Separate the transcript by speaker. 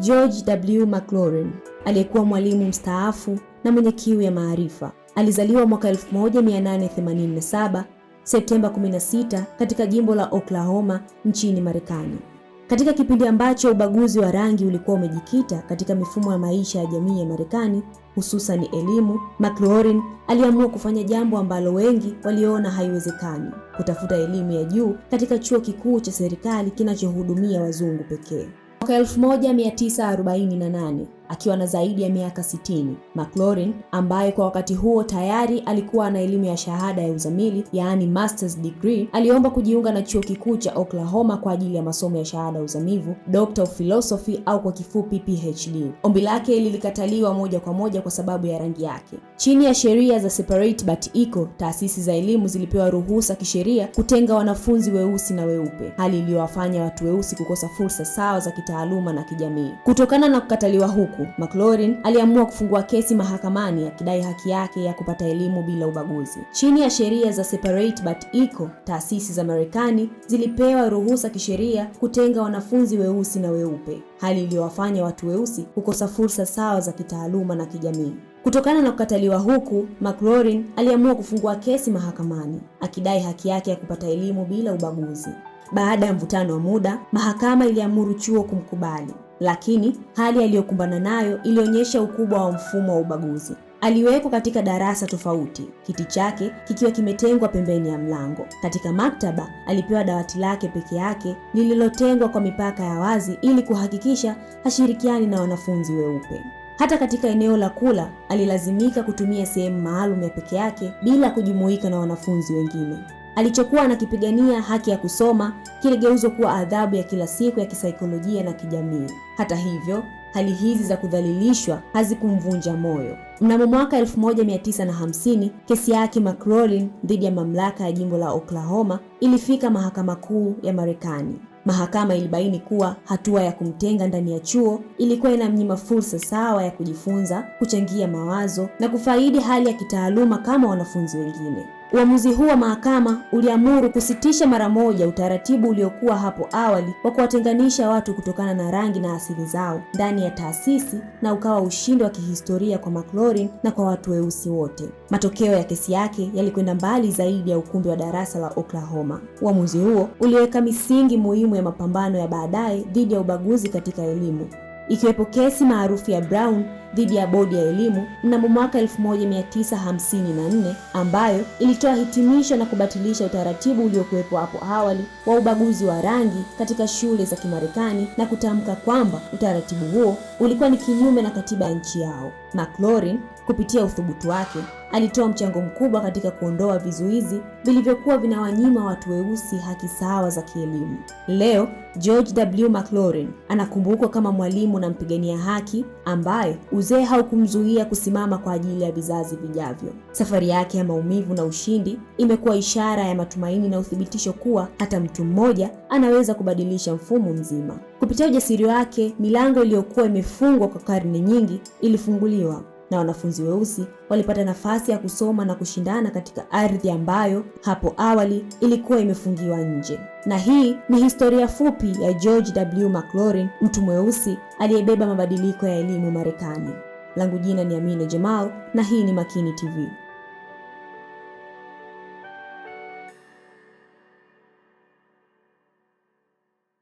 Speaker 1: George W. McLaurin aliyekuwa mwalimu mstaafu na mwenye kiu ya maarifa. Alizaliwa mwaka 1887 Septemba 16 katika jimbo la Oklahoma nchini Marekani, katika kipindi ambacho ubaguzi wa rangi ulikuwa umejikita katika mifumo ya maisha ya jamii ya Marekani, hususan elimu. McLaurin aliamua kufanya jambo ambalo wengi waliona haiwezekani: kutafuta elimu ya juu katika chuo kikuu cha serikali kinachohudumia wazungu pekee mwaka 1948 akiwa na zaidi ya miaka 60. McLaurin, ambaye kwa wakati huo tayari alikuwa na elimu ya shahada ya uzamili yaani masters degree, aliomba kujiunga na chuo kikuu cha Oklahoma kwa ajili ya masomo ya shahada ya uzamivu Doctor of Philosophy au kwa kifupi PhD. Ombi lake lilikataliwa moja kwa moja kwa sababu ya rangi yake. Chini ya sheria za separate but equal, taasisi za elimu zilipewa ruhusa kisheria kutenga wanafunzi weusi na weupe, hali iliyowafanya watu weusi kukosa fursa sawa za kitaaluma na kijamii. Kutokana na kukataliwa huku siku, McLaurin aliamua kufungua kesi mahakamani akidai haki yake ya kupata elimu bila ubaguzi. Chini ya sheria za separate but equal, taasisi za Marekani zilipewa ruhusa kisheria kutenga wanafunzi weusi na weupe, hali iliyowafanya watu weusi kukosa fursa sawa za kitaaluma na kijamii. Kutokana na kukataliwa huku, McLaurin aliamua kufungua kesi mahakamani akidai haki yake ya kupata elimu bila ubaguzi. Baada ya mvutano wa muda, mahakama iliamuru chuo kumkubali lakini hali aliyokumbana nayo ilionyesha ukubwa wa mfumo wa ubaguzi. Aliwekwa katika darasa tofauti, kiti chake kikiwa kimetengwa pembeni ya mlango. Katika maktaba, alipewa dawati lake peke yake lililotengwa kwa mipaka ya wazi ili kuhakikisha hashirikiani na wanafunzi weupe. Hata katika eneo la kula, alilazimika kutumia sehemu maalum ya peke yake bila kujumuika na wanafunzi wengine alichokuwa anakipigania, haki ya kusoma, kiligeuzwa kuwa adhabu ya kila siku ya kisaikolojia na kijamii. Hata hivyo, hali hizi za kudhalilishwa hazikumvunja moyo. Mnamo mwaka 1950 kesi yake McCrory dhidi ya mamlaka ya jimbo la Oklahoma ilifika mahakama kuu ya Marekani. Mahakama ilibaini kuwa hatua ya kumtenga ndani ya chuo ilikuwa inamnyima fursa sawa ya kujifunza, kuchangia mawazo na kufaidi hali ya kitaaluma kama wanafunzi wengine. Uamuzi huu wa mahakama uliamuru kusitisha mara moja utaratibu uliokuwa hapo awali wa kuwatenganisha watu kutokana na rangi na asili zao ndani ya taasisi na ukawa ushindi wa kihistoria kwa McLaurin na kwa watu weusi wote. Matokeo ya kesi yake yalikwenda mbali zaidi ya ukumbi wa darasa la Oklahoma. Uamuzi huo uliweka misingi muhimu ya mapambano ya baadaye dhidi ya ubaguzi katika elimu ikiwepo kesi maarufu ya Brown dhidi ya bodi ya elimu mnamo mwaka 1954 ambayo ilitoa hitimisho na kubatilisha utaratibu uliokuwepo hapo awali wa ubaguzi wa rangi katika shule za Kimarekani na kutamka kwamba utaratibu huo ulikuwa ni kinyume na katiba ya nchi yao. McLaurin kupitia uthubutu wake Alitoa mchango mkubwa katika kuondoa vizuizi vilivyokuwa vinawanyima watu weusi haki sawa za kielimu. Leo George W. McLaurin anakumbukwa kama mwalimu na mpigania haki ambaye uzee haukumzuia kusimama kwa ajili ya vizazi vijavyo. Safari yake ya maumivu na ushindi imekuwa ishara ya matumaini na uthibitisho kuwa hata mtu mmoja anaweza kubadilisha mfumo mzima. Kupitia ujasiri wake, milango iliyokuwa imefungwa kwa karne nyingi ilifunguliwa na wanafunzi weusi walipata nafasi ya kusoma na kushindana katika ardhi ambayo hapo awali ilikuwa imefungiwa nje. Na hii ni historia fupi ya George W. McLaurin, mtu mweusi aliyebeba mabadiliko ya elimu Marekani. Langu jina ni Amina Jamal na hii ni Makini TV.